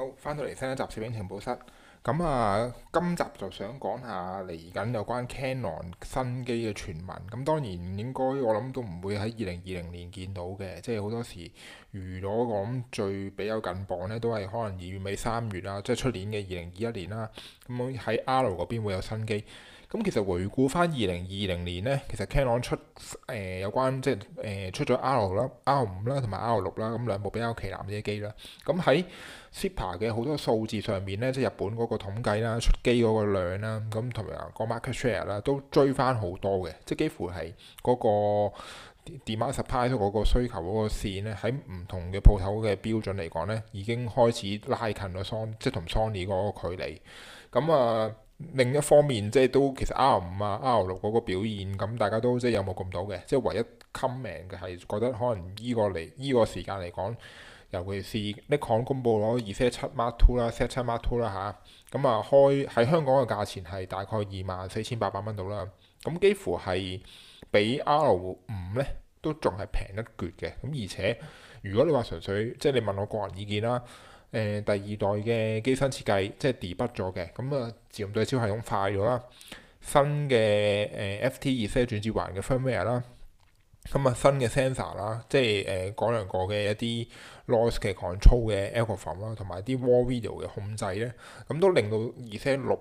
好，翻到嚟新一集攝影情報室。咁啊，今集就想講下嚟緊有關 Canon 新機嘅傳聞。咁當然應該我諗都唔會喺二零二零年見到嘅，即係好多時如果講最比較近磅呢，都係可能二月尾、三月啦，即係出年嘅二零二一年啦。咁喺 R 嗰邊會有新機。咁其實回顧翻二零二零年咧，其實 Canon 出誒、呃、有關即係誒、呃、出咗 R 啦、R 五啦同埋 R 六啦，咁兩部比較旗艦啲機啦。咁喺 SIPA 嘅好多數字上面咧，即係日本嗰個統計啦、出機嗰個量啦，咁、嗯、同埋個 market share 啦，都追翻好多嘅，即係幾乎係嗰個 demand supply 嗰個需求嗰個線咧，喺唔同嘅鋪頭嘅標準嚟講咧，已經開始拉近咗 Sony，即係同 Sony 嗰個距離。咁、嗯、啊～、呃另一方面，即係都其實 R 五啊、R 六嗰個表現，咁、嗯、大家都即係有冇咁到嘅，即係唯一 comment 嘅係覺得可能依、這個嚟依、這個時間嚟講，尤其是 Nikon 公佈咗 Z7 mark two 啦、啊、Z7 mark two 啦，吓咁，啊開喺香港嘅價錢係大概二萬四千八百蚊到啦，咁、嗯、幾乎係比 R 五咧都仲係平一橛嘅，咁、嗯、而且如果你話純粹即係你問我個人意見啦。誒第二代嘅機身設計即係彌補咗嘅，咁啊自動對焦系統快咗啦，新嘅誒 FTZ 轉接環嘅 firmware 啦，咁啊新嘅 sensor 啦，即係誒嗰兩個嘅一啲 noise 嘅 control 嘅 algorithm 啦，同埋啲 raw、er、video 嘅控制咧，咁都令到 Z 六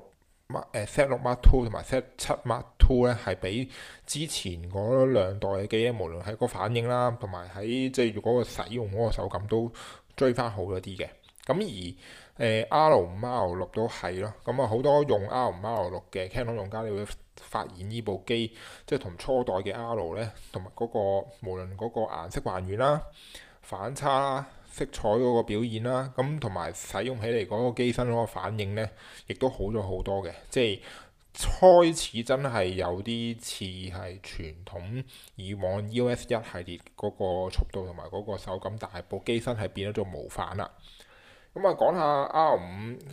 mark 誒 Z 六 mark two 同埋 Z 七 mark two 咧係比之前嗰兩代嘅機，無論喺個反應啦，同埋喺即係如果個使用嗰個手感都追翻好咗啲嘅。咁而誒、呃、R 五 R 六都係咯，咁啊好多用 R 五 R 六嘅 Canon 用家，你會發現呢部機即係同初代嘅 R 咧、那個，同埋嗰個無論嗰個顏色還原啦、反差啦、色彩嗰個表現啦，咁同埋使用起嚟嗰個機身嗰個反應咧，亦都好咗好多嘅，即係開始真係有啲似係傳統以往 EOS 一系列嗰個速度同埋嗰個手感，但係部機身係變咗做無反啦。咁啊，講下 R 五，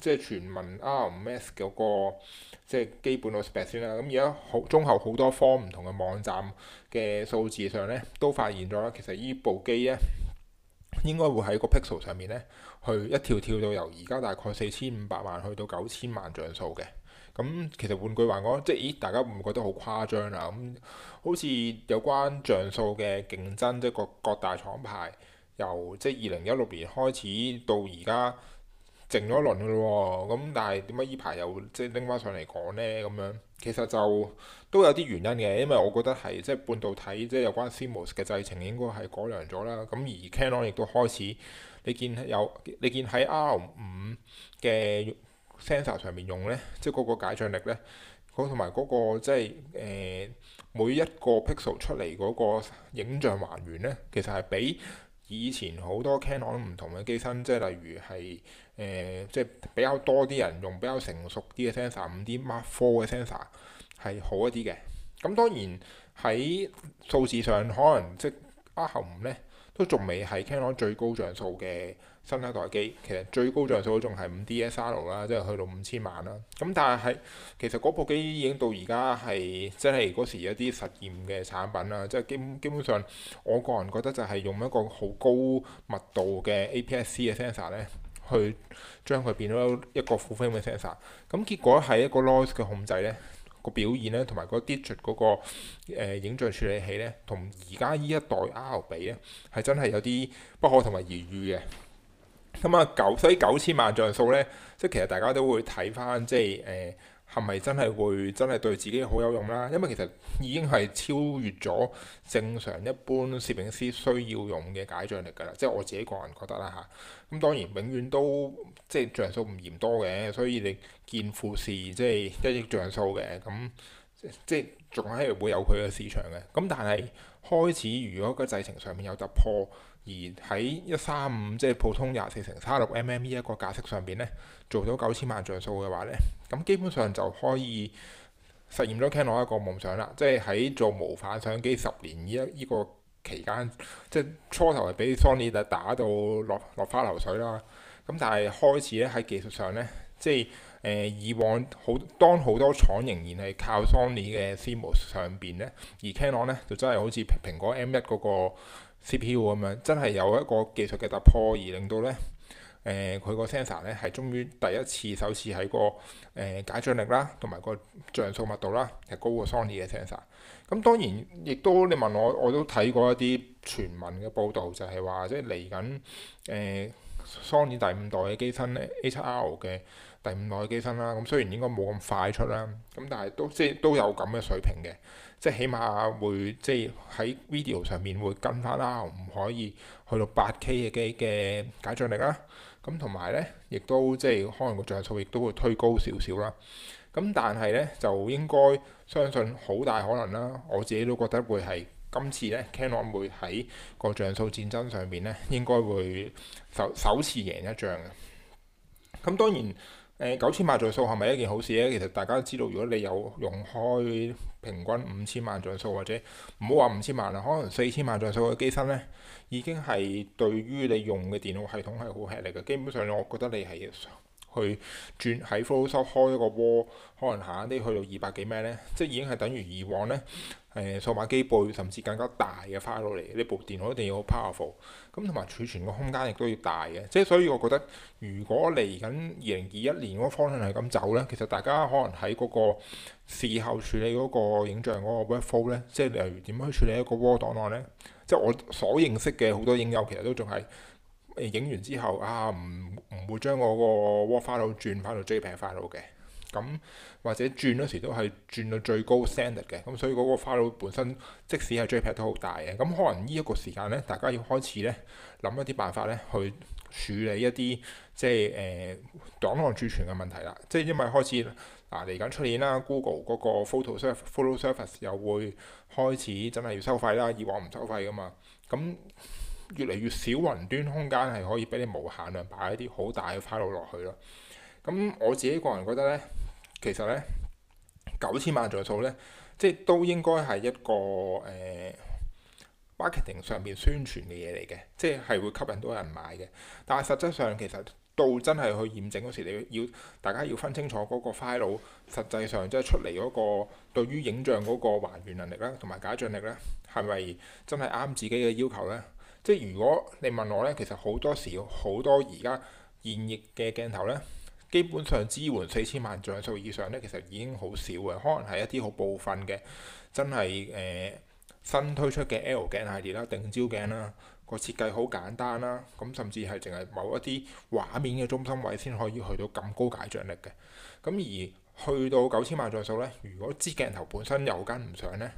即係全民 R 五 S 嗰個即係基本嘅 spec 先啦。咁而家好中後好多方唔同嘅網站嘅數字上呢，都發現咗啦。其實呢部機呢，應該會喺個 Pixel 上面呢，去一跳跳到由而家大概四千五百萬去到九千萬像素嘅。咁其實換句話講，即係咦，大家會唔會覺得好誇張啊？咁好似有關像素嘅競爭，即係各各大廠牌。由即係二零一六年開始到而家靜咗一輪嘅喎，咁但係點解依排又即係拎翻上嚟講呢？咁樣其實就都有啲原因嘅，因為我覺得係即係半導體即係有關 CMOS 嘅製程應該係改良咗啦。咁而 Canon 亦都開始你見有你見喺 R 五嘅 sensor 上面用呢，即係嗰個解像力呢，同埋嗰個即係誒、呃、每一個 pixel 出嚟嗰個影像還原呢，其實係比以前好多 Canon 唔同嘅機身，即係例如係誒、呃，即係比較多啲人用比較成熟啲嘅 sensor，五 D Mark Four 嘅 sensor 係好一啲嘅。咁當然喺數字上，可能即係 R 五咧都仲未係 Canon 最高像素嘅。新一代機其實最高像素仲係 5DSR 啦，即係去到五千萬啦。咁但係喺其實嗰部機已經到而家係即係嗰時有一啲實驗嘅產品啦，即係基本基本上我個人覺得就係用一個好高密度嘅 APS-C 嘅 sensor 咧，去將佢變咗一個 full frame 嘅 sensor。咁結果喺一個 noise 嘅控制咧，個表現咧，同埋嗰 digital 嗰個 dig、那個呃、影像處理器咧，同而家呢一代 R 比咧係真係有啲不可同埋而喻嘅。咁啊，九所以九千萬像素咧，即係其實大家都會睇返，即係誒係咪真係會真係對自己好有用啦？因為其實已經係超越咗正常一般攝影師需要用嘅解像力㗎啦，即係我自己個人覺得啦嚇。咁，啊，當然永遠都即係像，像素唔嫌多嘅，所以你見富士即係一億像素嘅，咁即係仲係會有佢嘅市場嘅。咁但係開始如果個製程上面有突破。而喺一三五即係普通廿四乘三六 mm 呢一個格式上邊咧，做到九千萬像素嘅話咧，咁基本上就可以實現咗 Canon 一個夢想啦。即係喺做無反相機十年呢一呢個期間，即係初頭係俾 Sony 就打到落落花流水啦。咁但係開始咧喺技術上咧，即係誒、呃、以往好當好多廠仍然係靠 Sony 嘅 CMOS 上邊咧，而 Canon 咧就真係好似蘋果 M 一嗰、那個。CPU 咁樣真係有一個技術嘅突破，而令到咧，誒佢個 sensor 咧係終於第一次、首次喺、那個誒、呃、解像力啦，同埋個像素密度啦係高過 Sony 嘅 sensor。咁、嗯、當然，亦都你問我，我都睇過一啲傳聞嘅報道，就係、是、話即係嚟緊誒 Sony 第五代嘅機身咧 A7R 嘅。A 第五代嘅機身啦，咁雖然應該冇咁快出啦，咁但係都即係都有咁嘅水平嘅，即係起碼會即係喺 video 上面會跟返啦，唔可以去到八 K 嘅機嘅解像力啦。咁同埋咧，亦都即係可能個像素亦都會推高少少啦。咁但係咧，就應該相信好大可能啦。我自己都覺得會係今次咧，Canon 會喺個像素戰爭上面咧，應該會首首次贏一仗嘅。咁當然。呃、九千萬像素係咪一件好事咧？其實大家都知道，如果你有用開平均五千萬像素或者唔好話五千萬啦，可能四千萬像素嘅機身呢，已經係對於你用嘅電腦系統係好吃力嘅。基本上，我覺得你係去轉喺 Photoshop 開一個窩，可能下啲去到二百幾咩呢？即係已經係等於以往呢。誒、呃、數碼機背，甚至更加大嘅 file 嚟，呢部電腦一定要好 powerful，咁同埋儲存個空間亦都要大嘅。即係所以，我覺得如果嚟緊二零二一年嗰個方向係咁走呢，其實大家可能喺嗰個事後處理嗰個影像嗰個 workflow 咧，即係例如點樣去處理一個 raw 檔案呢？即係我所認識嘅好多影友其實都仲係、呃、影完之後啊，唔唔會將嗰個 raw file 轉翻到 JPEG file 嘅。咁或者轉嗰時都係轉到最高 sender 嘅，咁所以嗰個 file 本身即使係最 pet 都好大嘅。咁可能呢一個時間咧，大家要開始咧諗一啲辦法咧，去處理一啲即係誒、呃、檔案儲存嘅問題啦。即係因為開始嗱嚟緊出年啦，Google 嗰個 ph service, photo service h o t 又會開始真係要收費啦，以往唔收費噶嘛。咁越嚟越少雲端空間係可以俾你無限量擺一啲好大嘅 file 落去咯。咁我自己個人覺得咧。其實咧，九千萬像素咧，即係都應該係一個誒、呃、marketing 上邊宣傳嘅嘢嚟嘅，即係係會吸引到人買嘅。但係實質上其實到真係去驗證嗰時，你要大家要分清楚嗰個 file 實際上即係出嚟嗰、嗰個對於影像嗰個還原能力啦，同埋解像力咧，係咪真係啱自己嘅要求咧？即係如果你問我咧，其實好多時好多而家現役嘅鏡頭咧。基本上支援四千萬像素以上咧，其實已經好少嘅，可能係一啲好部分嘅，真係誒、呃、新推出嘅 L 鏡系列啦、定焦鏡啦，個設計好簡單啦，咁甚至係淨係某一啲畫面嘅中心位先可以去到咁高解像力嘅，咁而去到九千萬像素咧，如果支鏡頭本身又跟唔上咧，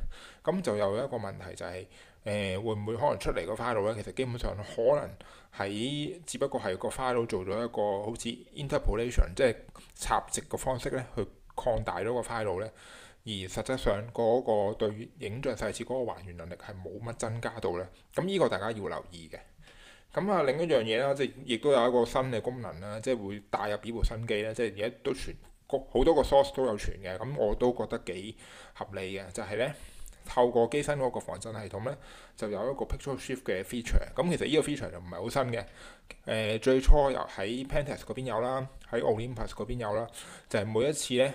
咁就又有一個問題就係、是。誒會唔會可能出嚟個 file 咧？其實基本上可能係，只不過係個 file 做咗一個好似 interpolation，即係插值嘅方式咧，去擴大咗個 file 咧。而實質上嗰個對影像細節嗰個還原能力係冇乜增加到咧。咁呢個大家要留意嘅。咁啊，另一樣嘢啦，即係亦都有一個新嘅功能啦，即係會帶入呢部新機咧，即係而家都傳好多個 source 都有傳嘅。咁我都覺得幾合理嘅，就係、是、咧。透過機身嗰個防震系統咧，就有一個 Pixel Shift 嘅 feature。咁其實呢個 feature 就唔係好新嘅。誒、呃，最初由喺 Pentax 嗰邊有啦，喺 Olympus 嗰邊有啦，就係、是、每一次咧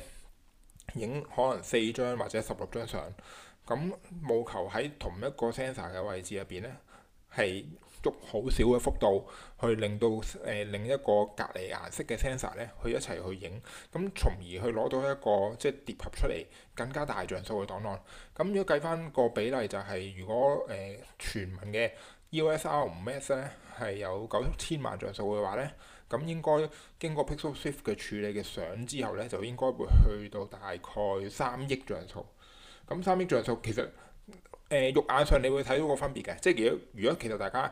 影可能四張或者十六張相，咁務求喺同一個 sensor 嘅位置入邊咧係。捉好少嘅幅度，去令到誒、呃、另一個隔離顏色嘅 sensor 咧，去一齊去影，咁從而去攞到一個即係疊合出嚟更加大像素嘅檔案。咁如果計翻個比例就係、是，如果誒、呃、全民嘅 EOS R5s 咧，係有九千萬像素嘅話咧，咁應該經過 Pixel Shift 嘅處理嘅相之後咧，就應該會去到大概三億像素。咁三億像素其實～誒、呃、肉眼上你會睇到個分別嘅。即係如果如果其實大家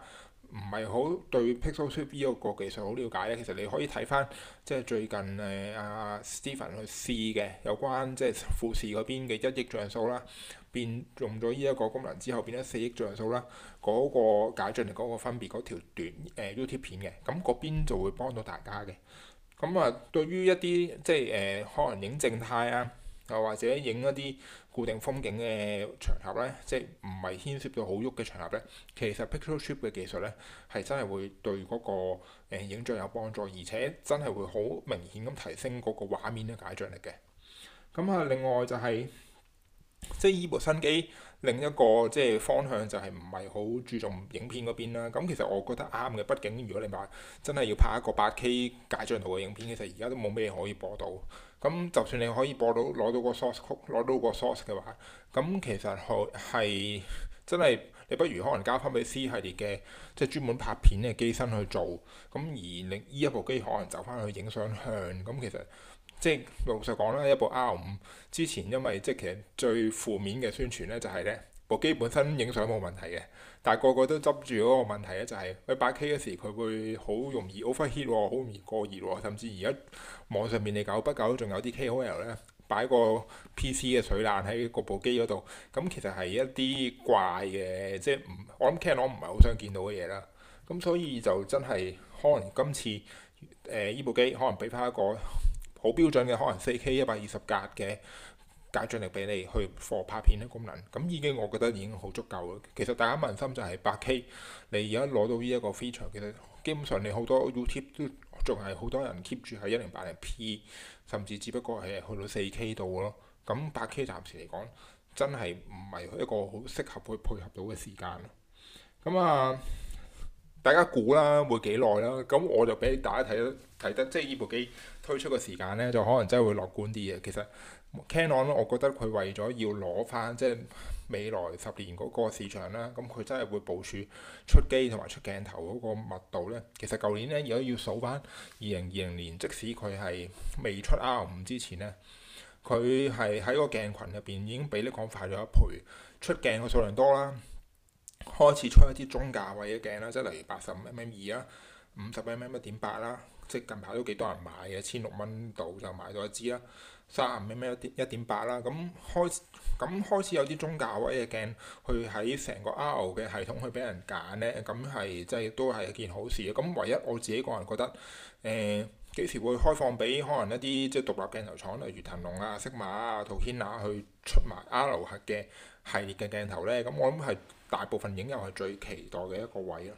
唔係好對 pixel shift 依一個技術好了解咧，其實你可以睇翻即係最近誒、啊、阿、啊、Stephen 去試嘅有關即係富士嗰邊嘅一億像素啦，變用咗呢一個功能之後變咗四億像素啦，嗰、那個解像力嗰個分別嗰條短誒、呃、YouTube 片嘅，咁嗰邊就會幫到大家嘅。咁啊，對於一啲即係誒、呃、可能影靜態啊。又或者影一啲固定風景嘅場合呢，即係唔係牽涉到好喐嘅場合呢，其實 Pixel Trip 嘅技術呢係真係會對嗰個影像有幫助，而且真係會好明顯咁提升嗰個畫面嘅解像力嘅。咁啊，另外就係、是、即係依部新機另一個即係方向就係唔係好注重影片嗰邊啦。咁其實我覺得啱嘅，畢竟如果你話真係要拍一個八 K 解像度嘅影片，其實而家都冇咩可以播到。咁就算你可以播到攞到個 source 曲，攞到個 source 嘅話，咁其實係真係你不如可能交翻俾 C 系列嘅即係專門拍片嘅機身去做，咁而你呢一部機可能走翻去影相向，咁其實即係老實講啦，一部 R 五之前因為即係其實最負面嘅宣傳咧就係、係、咧。部機本身影相冇問題嘅，但係個個都執住嗰個問題咧，就係佢擺 8K 嗰時佢會好容易 overheat，好容易過熱，甚至而家網上面你搞不搞，仲有啲 KOL 咧擺個 PC 嘅水冷喺個部機嗰度，咁其實係一啲怪嘅，即係唔我諗 Canon 唔係好想見到嘅嘢啦。咁所以就真係可能今次誒呢、呃、部機可能俾翻一個好標準嘅，可能 4K 一百二十格嘅。解像力俾你去放拍片嘅功能，咁已經我覺得已經好足夠啦。其實大家問心就係八 K，你而家攞到呢一個 feature，其實基本上你好多 YouTube 都仲係好多人 keep 住喺一零八零 P，甚至只不過係去到四 K 度咯。咁八 K 暫時嚟講，真係唔係一個好適合去配合到嘅時間咯。咁啊～大家估啦，會幾耐啦？咁我就俾大家睇得睇得，即係呢部機推出嘅時間呢，就可能真係會樂觀啲嘅。其實，Canon，我覺得佢為咗要攞翻即係未來十年嗰個市場啦，咁佢真係會部署出機同埋出鏡頭嗰個密度呢。其實舊年呢，如果要數翻二零二零年，即使佢係未出 R 五之前呢，佢係喺個鏡群入邊已經比你講快咗一倍，出鏡嘅數量多啦。開始出一啲中價位嘅鏡啦，即係例如八十五 mm 二啦，五十 mm 一點八啦，即係近排都幾多人買嘅，千六蚊度就買到一支啦，三五 mm 一一點八啦，咁開咁開始有啲中價位嘅鏡去喺成個 R 嘅系統去俾人揀呢。咁係即係都係一件好事。咁，唯一我自己個人覺得，誒、呃、幾時會開放俾可能一啲即係獨立鏡頭廠例如騰龍啊、色馬啊、陶軒啊去出埋 R 核嘅系列嘅鏡頭呢？咁我諗係。大部分影友係最期待嘅一個位咯。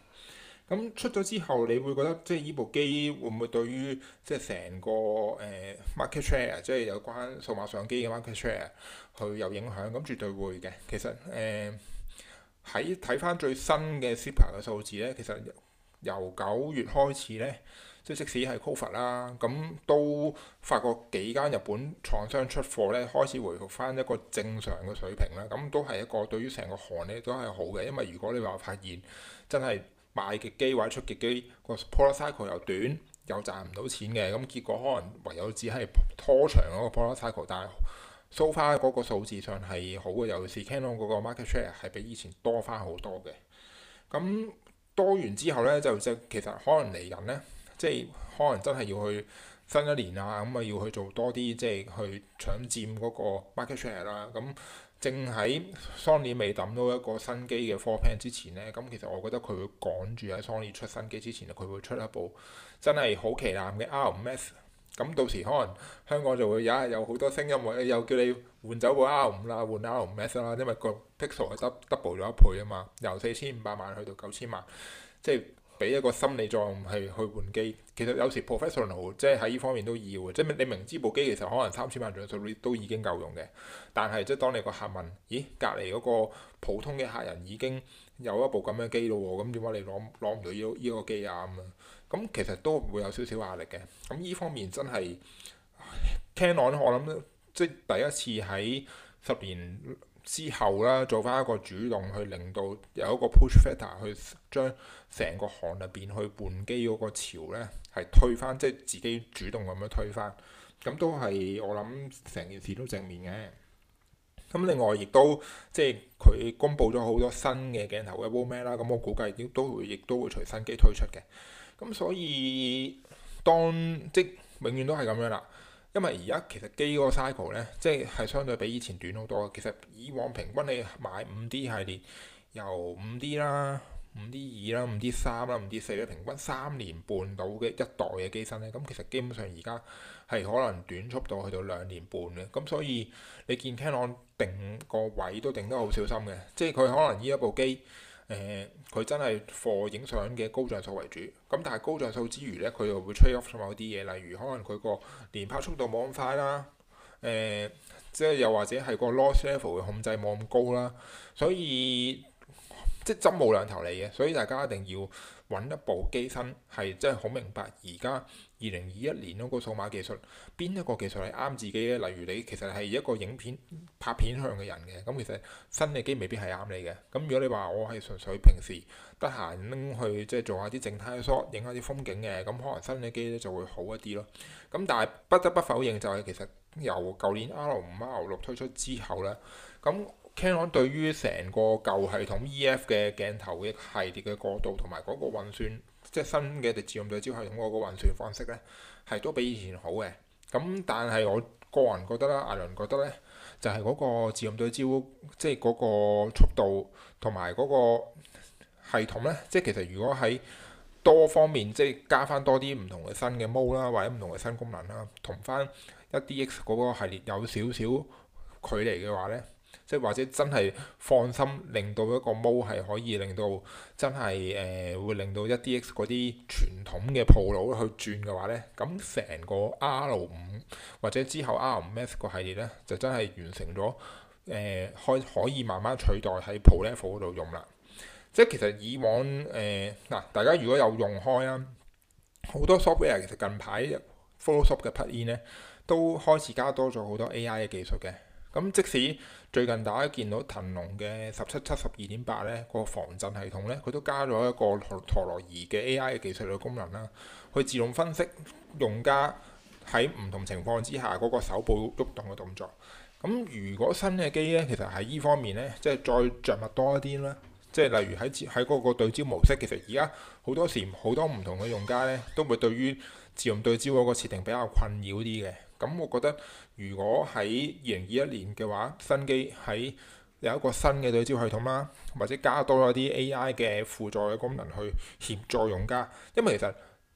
咁出咗之後，你會覺得即係呢部機會唔會對於即係成個誒、呃、market share，即係有關數碼相機嘅 market share 去有影響？咁絕對會嘅。其實誒喺睇返最新嘅 CIPA 嘅數字咧，其實，呃由九月開始呢，即即使係 Covid 啦，咁都發覺幾間日本廠商出貨呢，開始回復翻一個正常嘅水平啦。咁都係一個對於成個行呢都係好嘅，因為如果你話發現真係賣極機或者出極機個 product cycle 又短又賺唔到錢嘅，咁結果可能唯有只係拖長嗰個 product cycle 但係 so far 嗰個數字上係好嘅，尤其是 Canon 嗰個 market share 係比以前多翻好多嘅，咁。多完之後呢，就即其實可能嚟緊呢，即係可能真係要去新一年啊，咁啊要去做多啲即係去搶佔嗰個 market share 啦。咁、嗯、正喺 Sony 未抌到一個新機嘅 four pack 之前呢，咁、嗯、其實我覺得佢會趕住喺 Sony 出新機之前，佢會出一部真係好期待嘅 R5s。咁到時可能香港就會有一日有好多聲音話，又叫你換走部 R 五啦，換 R 五 s 啦，因為個 Pixel 係 double 咗一倍啊嘛，由四千五百萬去到九千萬，即係。俾一個心理作用係去換機，其實有時 professional 即係喺呢方面都要即係你明知部機其實可能三千萬像素都已經夠用嘅，但係即係當你個客問：咦，隔離嗰個普通嘅客人已經有一部咁嘅機咯，咁點解你攞攞唔到呢、呢、呢個機啊？咁、樣、啊、個，咁其實都會有少少壓力嘅。咁呢方面真係聽落我諗即第一次喺十年。之後啦，做翻一個主動去令到有一個 push factor 去將成個行入邊去換機嗰個潮咧係推翻，即係自己主動咁樣推翻。咁都係我諗成件事都正面嘅。咁另外亦都即係佢公布咗好多新嘅鏡頭嘅 model 啦，咁我估計都都會亦都會隨新機推出嘅。咁所以當即永遠都係咁樣啦。因為而家其實機嗰個 cycle 咧，即係相對比以前短好多。其實以往平均你買五 D 系列，由五 D 啦、五 D 二啦、五 D 三啦、五 D 四咧，平均三年半到嘅一代嘅機身咧，咁其實基本上而家係可能短促到去到兩年半嘅。咁所以你見 Canon 定個位都定得好小心嘅，即係佢可能呢一部機。誒佢、呃、真係貨影相嘅高像素為主，咁但係高像素之餘呢，佢就會 trade off 某啲嘢，例如可能佢個連拍速度冇咁快啦，誒、呃、即係又或者係個 loss level 嘅控制冇咁高啦，所以即係針冇兩頭嚟嘅，所以大家一定要，揾一部機身，係真係好明白而家二零二一年嗰個數碼技術邊一個技術係啱自己咧？例如你其實係一個影片拍片向嘅人嘅，咁其實新嘅機未必係啱你嘅。咁如果你話我係純粹平時得閒拎去即係做下啲靜態嘅 shot，影下啲風景嘅，咁可能新嘅機咧就會好一啲咯。咁但係不得不否認就係其實由舊年 R 五 R 六推出之後咧，咁。Canon 對於成個舊系統 EF 嘅鏡頭嘅系列嘅過渡，同埋嗰個運算，即係新嘅直自動對焦系統嗰個運算方式呢，係都比以前好嘅。咁但係我個人覺得啦，阿倫覺得呢，就係、是、嗰個自動對焦，即係嗰個速度同埋嗰個系統呢。即係其實如果喺多方面即係加翻多啲唔同嘅新嘅模啦，或者唔同嘅新功能啦，同翻 1DX 嗰個系列有少少距離嘅話呢。或者真係放心，令到一個毛係可以令到真係誒、呃，會令到 1DX 嗰啲傳統嘅鋪路去轉嘅話咧，咁成個 R 五或者之後 R 五 s 個系列咧，就真係完成咗誒，開、呃、可,可以慢慢取代喺 Pro Level 嗰度用啦。即係其實以往誒嗱、呃，大家如果有用開啊，好多 software 其實近排 Photoshop 嘅 put in 咧，都開始加多咗好多 AI 嘅技術嘅。咁即使最近大家見到騰龍嘅十七七十二點八咧，呢個防震系統咧，佢都加咗一個陀陀螺儀嘅 AI 嘅技術嘅功能啦，去自動分析用家喺唔同情況之下嗰個手部喐動嘅動作。咁如果新嘅機咧，其實喺依方面咧，即係再着墨多一啲啦。即係例如喺喺嗰個對焦模式，其實而家好多時好多唔同嘅用家咧，都會對於自動對焦嗰個設定比較困擾啲嘅。咁、嗯、我覺得，如果喺二零二一年嘅話，新機喺有一個新嘅對焦系統啦，或者加多咗啲 AI 嘅輔助嘅功能去協助用家。因為其實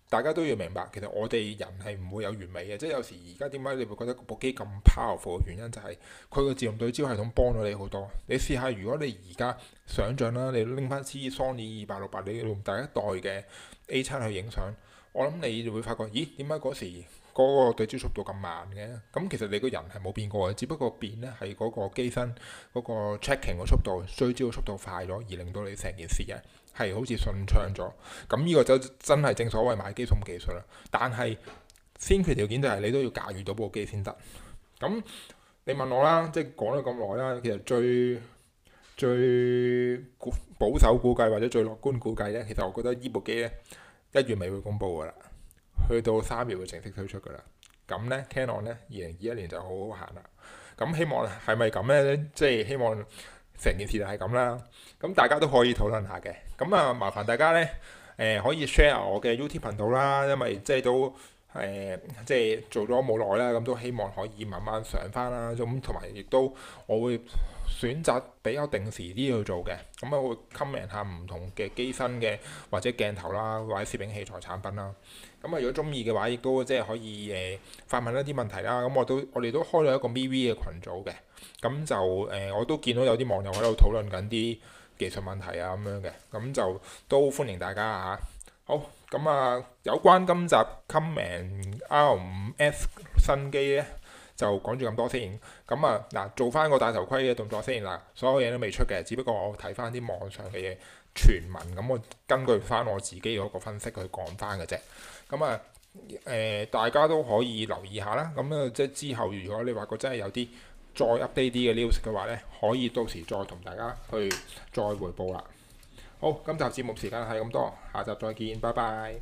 大家都要明白，其實我哋人係唔會有完美嘅，即係有時而家點解你會覺得部機咁 powerful 嘅原因就係佢個自動對焦系統幫咗你好多。你試下如果你而家想像啦，你拎翻支 Sony 二八六八，你用第一代嘅 A 七去影相。我諗你就會發覺，咦？點解嗰時嗰個對焦速度咁慢嘅？咁其實你個人係冇變過嘅，只不過變咧係嗰個機身嗰個 checking 嘅速度，追焦嘅速度快咗，而令到你成件事嘅係好似順暢咗。咁呢個就真係正所謂買機送技術啦。但係先決條件就係你都要駕馭到部機先得。咁你問我啦，即係講咗咁耐啦。其實最最保守估計或者最樂觀估計咧，其實我覺得呢部機咧。一月尾會公布㗎啦，去到三月會正式推出㗎啦。咁咧，Canon 咧，二零二一年就好好行啦。咁希望係咪咁咧？即係希望成件事就係咁啦。咁大家都可以討論下嘅。咁啊，麻煩大家咧，誒、呃、可以 share 我嘅 YouTube 頻道啦，因為即係都誒、呃、即係做咗冇耐啦，咁都希望可以慢慢上翻啦。咁同埋亦都我會，選擇比較定時啲去做嘅，咁啊會 comment 下唔同嘅機身嘅或者鏡頭啦，或者攝影器材產品啦。咁啊，如果鍾意嘅話，亦都即係可以誒發、呃、問一啲問題啦。咁我都，我哋都開咗一個 VV 嘅群組嘅。咁就誒、呃，我都見到有啲網友喺度討論緊啲技術問題啊咁樣嘅。咁就都歡迎大家吓、啊。好，咁啊有關今集 comment R 五 S 新機呢，就講住咁多先，咁啊嗱，做翻個大頭盔嘅動作先啦，所有嘢都未出嘅，只不過我睇翻啲網上嘅嘢傳聞，咁我根據翻我自己嗰個分析去講翻嘅啫。咁啊誒、呃，大家都可以留意下啦。咁啊，即係之後如果你話個真係有啲再 update 啲嘅 news 嘅話呢，可以到時再同大家去再回報啦。好，今集節目時間係咁多，下集再見，拜拜。